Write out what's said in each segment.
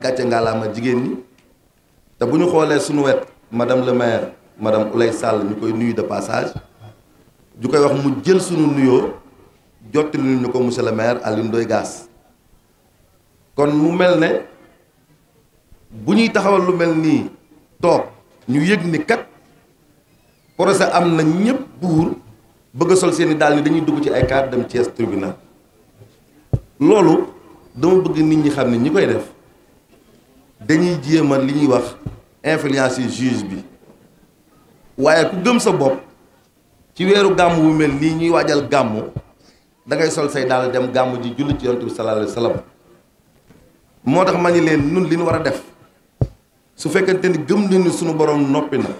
gàcce ngaalaama jigéen ñi te bu ñu xoolee suñu wet madame le maire madame Oulay Sall ñu koy nuyu de passage ju koy wax mu jël sunu nuyoo jottali ñu ko monsieur le maire Alioune Ndoye Gass kon mu mel ne bu ñuy taxawal lu mel nii toog ñu yëg ni kat procès am na ñëpp buur bëgg sol seeni daal ni dañuy dugg ci ay kaar dem Thiès tribunal loolu dama bëgg nit ñi xam ne ñi koy def dañuy jéem li ñuy wax influencer juge bi waaye ku gëm sa bopp ci weeru gàmm wu mel nii ñuy waajal gàmmu dangay sol say daal dem gàmm ji julli ci yonent bi sallallahu moo tax ma ni leen nun li ñu war a def su fekkente ni gëm nañu suñu borom noppi na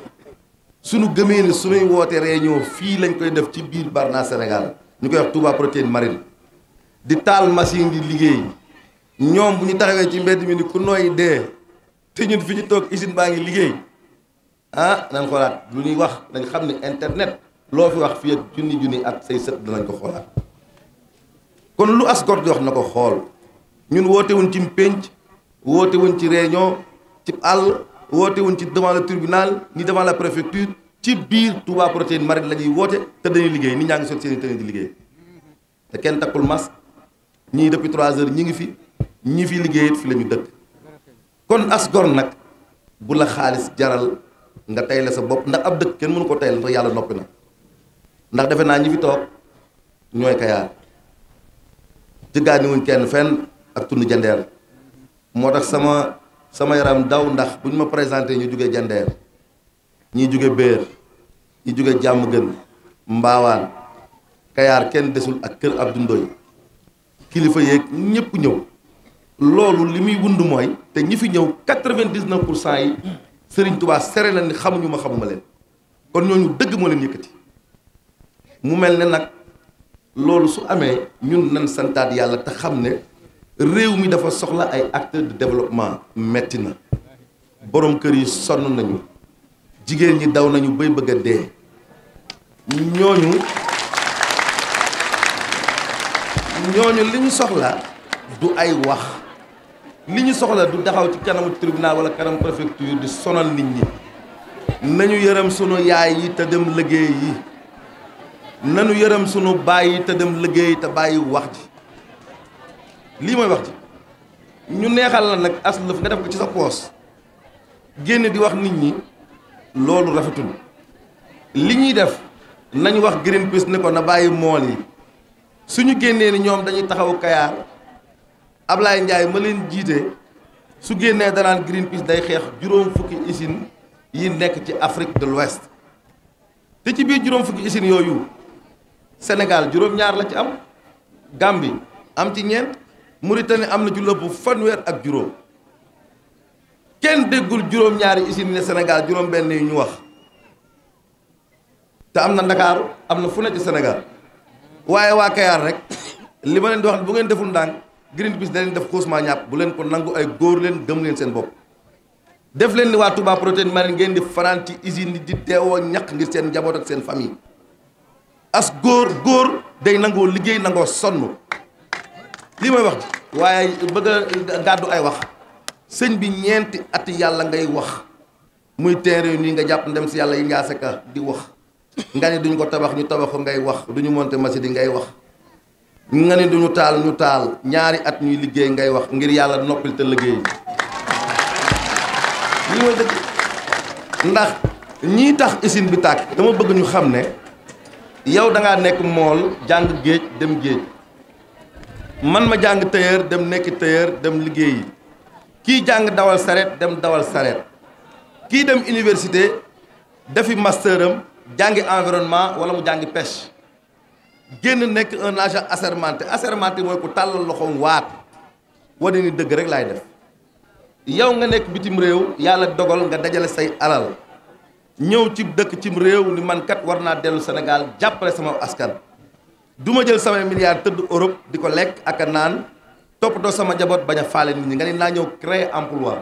suñu gëmee ni suñuy woote réunion fii lañ koy def ci biir Barna Sénégal ñu koy wax Touba Protéine Marine di taal machine di liggéey. ñoom bu ñu taxawee ci mbedd mi ni ku nooy dee te ñun fi ñu toog usine baa ngi liggéey ah nañ xoolaat lu ñuy wax dañ xam ne internet loo fi wax fii ak junni junni ak say sët danañ ko xoolaat kon lu as gor di na ko xool ñun woote wuñ ci pénc woote wuñ ci réunion ci àll woote wuñ ci devant le tribunal ni devant la préfecture ci biir Touba Protéine Marine la ñuy woote te dañuy liggéey ni ñaa ngi sol seen i tenue di liggéey te kenn takkul masque ñii depuis trois ñi ngi fi ñi fi liggéeyit fi la ñu dëkk kon as gor nag bu la xaalis jaral nga tay la sa bopp ndax ab dëkk kenn mënu ko tay la te yàlla noppi na ndax defe naa ñi fi toog ñooy kayaar jëggaani wuñ kenn fenn ak tund jandeer moo tax sama sama yaram daw ndax bu ñu ma présenté ñu jóge jandeer ñi jóge béer ñi jóge jàmm gën mbaawaan kayaar kenn desul ak kër ab Ndoye kilifa yeeg ñëpp ñëw loolu li muy wund mooy te ñi fi ñëw quatre-vingt-dix-neuf pour cent yi Serigne Touba sere na ni xamuñu ma xamuma leen kon ñooñu dëgg moo leen yëkkati mu mel ne nag loolu su amee ñun nan santaat yàlla te xam ne réew mi dafa soxla ay acteurs de développement metti na boroom kër yi sonn nañu jigéen ñi daw nañu bay bëgg dee ñooñu ñooñu li ñu soxla du ay wax li ñu soxla du taxaw ci kanamu tribunal wala kanam préfecture di sonal nit ñi nañu yërëm sunu yaay yi te dem liggéey yi nañu yërëm sunu bàyyi te dem liggéey te bàyyi wax ji lii mooy wax ji ñu neexal la nag as nga def ko ci sa poos génn di wax nit ñi loolu rafetul li ñuy def nañ wax Greenpeace ne ko na bàyyi mool yi suñu génnee ni ñoom dañuy taxaw kayaar Ablaye Ndiaye ma leen jiite su génnee danaan Greenpeace day xeex juróom fukki usine yi nekk ci Afrique de l'Ouest te ci biir juróom fukki usine yooyu Sénégal juróom-ñaar la ci am Gambie am ci ñeent tamit am na ci lu fanweer ak juróom kenn déggul juróom-ñaari usine ne Sénégal juróom-benn yi ñu wax te am na Ndakaaru am na fu ne ci Sénégal waaye waa Kayaar rek li ma leen di wax bu ngeen deful ndànk Greenpeace da leen def xóosmaa ñàpp bu leen ko nangu ay góor leen gëm leen seen bopp def leen waa waa Touba protéine marine ngeen di fanaan ci usine di teewoo ñaq ngir seen njaboot ak seen famille as góor góor day nangoo liggéey nangoo sonn li mooy wax ji waaye bëgg a gàddu ay wax sëñ bi ñeenti ati yàlla ngay wax muy yu nii nga jàpp ndem si yàlla yi ngaa seka di wax nga ne duñu ko tabax ñu tabax ngay wax duñu monter machine yi ngay wax nga ne duñu taal ñu taal ñaari at ñuy liggéey ngay wax ngir yàlla noppil te liggéey lii mooy dëgg ndax ñii tax usine bi tàkk dama bëgg ñu xam ne yow da nekk mool jàng géej dem géej man ma jàng tailleur dem nekk tailleur dem liggéeyi kii jàng dawal saret dem dawal saret kii dem université defi master am jàngi environnement wala mu jàngi pêche génn nekk un agent assermenté assermenté mooy ku tàllal loxoom waat wane ni dëgg rek laay def yow nga nekk bitim réew yàlla dogal nga dajale say alal ñëw ci dëkk cim réew ni mankat war naa dellu Sénégal jàppale sama askan du ma jël samay milliards tëdd Europe di ko lekk ak a naan toppatoo sama jaboot bañ a faale nit ñi nga ni naa ñëw créer emploi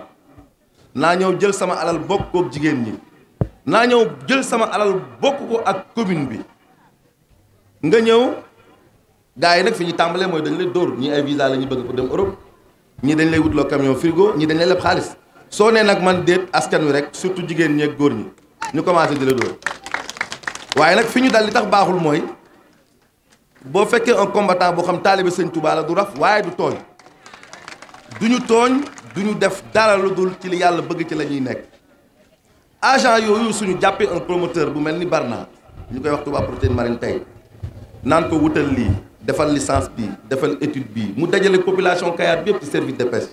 naa ñëw jël sama alal bokk jigéen ñi naa ñëw jël sama alal bokk ko ak commune bi nga ñëw gars yi nag fi ñu tàmbalee mooy dañ lay dóor ñi ay visa la ñu bëgg pour dem Europe ñi dañ lay wutloo camion frigo ñi dañu lay leb xaalis soo nee nag man déet askan wi rek surtout jigéen ñi ak góor ñi ñu commencé di la dóor waaye nag fi ñu dal li tax baaxul mooy boo fekkee un combattant boo xam taalibe sëñ Touba la du raf waaye du tooñ du ñu tooñ du ñu def dara lu dul ci li yàlla bëgg ci la ñuy nekk agent yooyu suñu jàppee un promoteur bu mel ni Barna ñu koy wax Touba protéine tey naan ko wutal lii defal licence bi defal étude bi mu dajale population kayaat bi yëpp ci service de pêche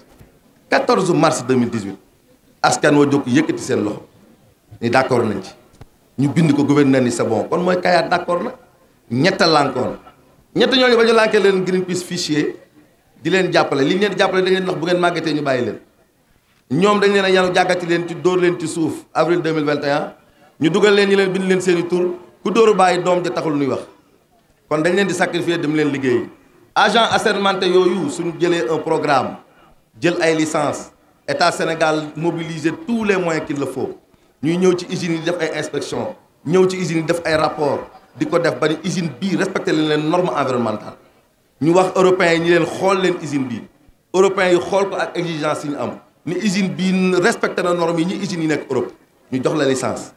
14 mars 2018 askan wa jóg yëkkati seen loxo ni d' accord nañ ci ñu bind ko gouverneur ni c' est bon kon mooy Kayar d' na ñetta lankoon ñett ñooñu ba ñu lankee leen Greenpeace fichier di leen jàppale li ñu leen di jàppale da ngeen wax bu ngeen màggatee ñu bàyyi leen ñoom dañ leen a yanu jàggati leen ci dóor leen ci suuf avril 2021 ñu dugal leen ñi leen bind leen seen i tur ku bàyyi doom ja taxul nuy wax kon dañ leen di sacrifier dem leen liggéey agent assermenté yooyu suñu jëlee un programme jël ay licence état Sénégal mobiliser tous les moyens qu'il le faut ñuy ñëw ci usine yi def ay inspection ñëw ci usines yi def ay rapport di ko def ba ni usine bii respecté leen leen norme environnementale ñu wax européens yi ñi leen xool leen usine bi européens yi xool ko ak exigence yi ñu am ni usine bii respecte na norme yi ñi usines yi nekk Europe ñu jox la licence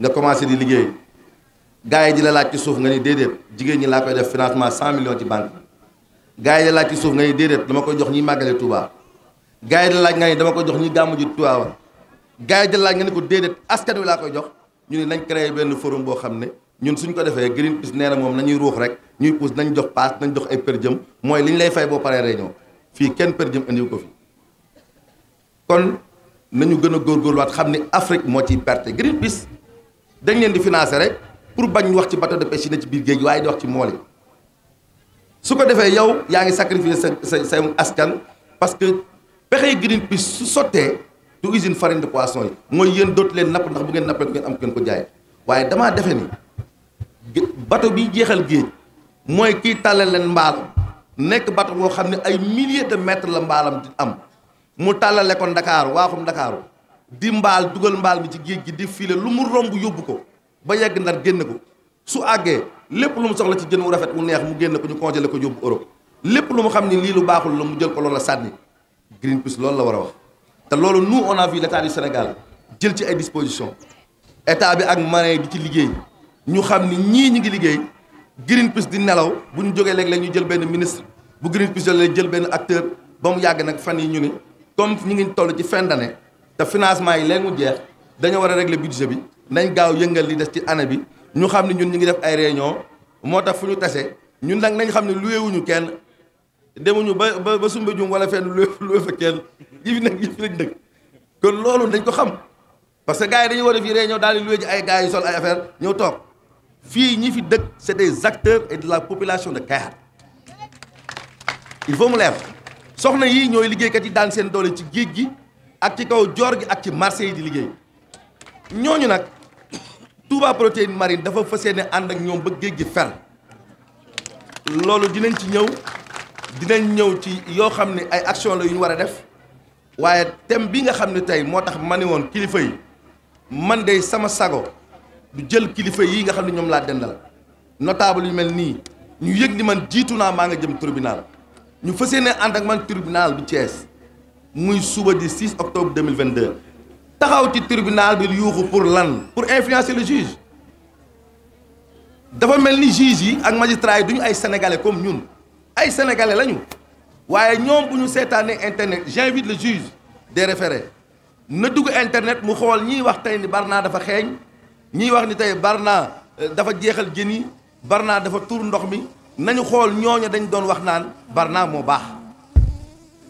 nga commencé di liggéey gars yi di la laaj ci suuf nga ni déedéet jigéen ñi laa koy def financement 100 millions ci banque gars yi di la ci suuf nga ni déedéet dama koy jox ñu màggale Touba gars yi di la laaj nga ni dama koy jox ñi gàmmu ji Touba gars yi di la nga ni ko déedéet askan wi laa koy jox ñu ne nañ créé benn forum boo xam ne ñun suñ ko defee Greenpeace nee na moom nañuy ruux rek ñuy pousse nañ jox paas nañ jox ay per jëm mooy li ñu lay fay boo paree réunion fii kenn për jëm indiwu ko fi kon nañu gën a góorgóorluwaat xam ni Afrique moo ciy perte Greenpeace dañ leen di financé rek pour bañ wax ci bato de pêche yi ci biir géej waaye di wax ci mool su ko defee yow yaa ngi sacrifier sa sa sa askan parce que pexe Greenpeace su sottee du usine farine de poisson yi mooy yéen dootu leen napp ndax bu ngeen nappee bu ngeen am ko jaay waaye damaa defe ni bateau bi jeexal géej mooy kii tàllal leen mbaalam nekk bateau boo xam ne ay milliers de mètres la mbaalam di am mu tàllale ko Ndakaaru waaxum Ndakaaru di mbaal dugal mbaal bi ci géej gi di filer lu mu romb yóbbu ko ba yegg ndar génn ko su àggee lépp lu mu soxla ci jën wu rafet wu neex mu génn ko ñu congelé ko yóbbu Europe lépp lu mu xam ni lii lu baaxul la mu jël ko loolu la sànni Greenpeace loolu la war a wax te loolu nous on a vu l' état Sénégal jël ci ay dispositions état bi ak marin di ci liggéey ñu xam ni ñii ñu ngi liggéey Greenpeace di nelaw bu ñu jógee léeg-léeg ñu jël benn ministre bu Greenpeace jëlee jël benn acteur ba mu yàgg nag fan yi ñu ni comme ñu ngi toll ci fin d'année te financement yi léegi mu jeex dañoo war a régler bi. nañ gaaw yëngal li des ci année bi ñu xam ne ñun ñu ngi def ay réunion moo tax fu ñu tase ñun nag nañ xam ne loué wuñu kenn demuñu ba ba ba sumba jum wala fenn loué loué fa kenn yi fi nag yi fi dëkk kon loolu dañ ko xam parce que gars yi war a fi réunion daal di loué ji ay gars yu sol ay affaire ñëw toog fii ñi fi dëkk c'est des acteurs et de la population de Kayar il faut mu leer soxna yii ñooy liggéeykat yi daan seen doole ci géej gi ak ci kaw joor gi ak ci marché yi di liggéey ñooñu nag Touba protéine marine dafa fas yéene ànd ak ñoom ba géej gi fer loolu dinañ ci ñëw dinañ ñëw ci yoo xam ne ay action la yu ñu war a def waaye thème bi nga xam ne tey moo tax ma ne woon kilifa yi man de sama sago du jël kilifa yi nga xam ne ñoom laa dendal notable yu mel nii ñu yëg ni man jiitu naa maa nga jëm tribunal ñu fas ne ànd ak man tribunal bu Thiès muy suba di 6 octobre 2022 taxaw ci tribunal bi yuuxu pour lan pour influencer le juge dafa mel ni juge yi ak magistrats yi duñu ay sénégalais comme ñun ay sénégalais lañu waaye ñoom bu ñu seetaanee internet j'invite le juge des référés na dugg internet mu xool ñiy wax tey ni Barna dafa xeeñ ñiy wax ni tey Barna euh, dafa jeexal jën yi Barna dafa tuur ndox mi nañu xool ñooñu dañu doon wax naan Barna moo baax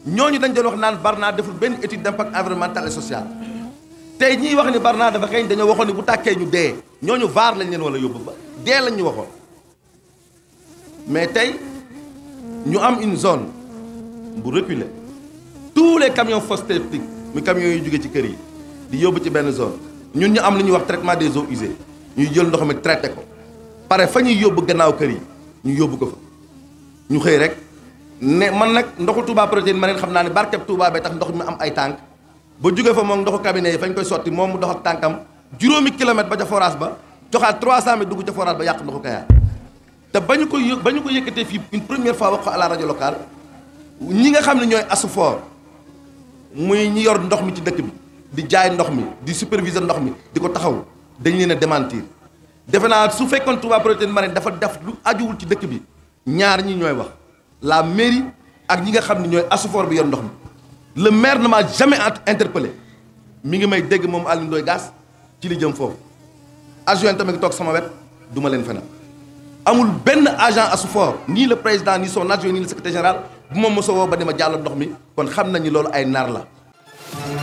ñooñu dañ doon wax naan Barna deful benn étude d'impact environnemental et social tey ñiy wax ni Barna dafa xeeñ dañoo waxoon ni bu tàkkee ñu dee ñooñu vaar lañ leen wala yóbbu ba dee lañ ñu waxoon mais tey ñu am une zone bu reculée tous les camions fosses mu muy yu jóge ci kër yi di yóbbu ci benn zone ñun ñu am lu ñuy wax traitement des eaux usées ñu jël ndox mi traité ko pare fa ñuy yóbbu gannaaw kër yi ñu yóbbu ko fa ñu xëy rek ne man nag ndoxu Touba protéine ma neen xam naa ne barkeb Touba bee tax ndox mi am ay tànk ba jugee fa moom ndoxu cabinet yi fañ koy sotti moom mu dox ak tànkam juróomi kilomètre ba ca forage ba joxaat 300 mètres dugg ca forage ba yàq ndoxu Kayar te ba ñu ko yë ba ñu ko yëkkatee fii une première fois wax ko la rajo locale ñi nga xam ne ñooy asufor muy ñi yor ndox mi ci dëkk bi di jaay ndox mi di superviser ndox mi di ko taxaw dañ leen a démentir defe naa su fekkoon Touba Protéine Marine dafa def lu ajuwul ci dëkk bi ñaar ñi ñooy wax la mairie ak ñi nga xam ne ñooy asufor bi yor ndox mi. le maire ne m'a jamais interpellé mi ngi may dégg moom Alioune Ndoye Gass ci li jëm foofu adjoint tamit toog sama wet du ma leen fenal amul benn agent Assufor nii le président ni son adjoint nii le secrétaire général bu ma mosoo woo ba ne ma jàll ndox mi kon xam nañu loolu ay nar la.